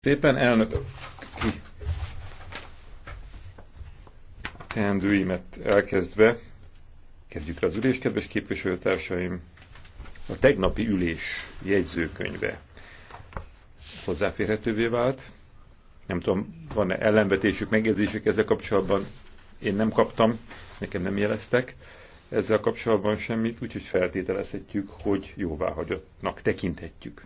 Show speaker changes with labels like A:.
A: Szépen elnök ki teendőimet elkezdve, kezdjük az ülés, kedves képviselőtársaim, a tegnapi ülés jegyzőkönyve hozzáférhetővé vált. Nem tudom, van-e ellenvetésük, megjegyzésük ezzel kapcsolatban. Én nem kaptam, nekem nem jeleztek ezzel kapcsolatban semmit, úgyhogy feltételezhetjük, hogy jóváhagyottnak tekinthetjük.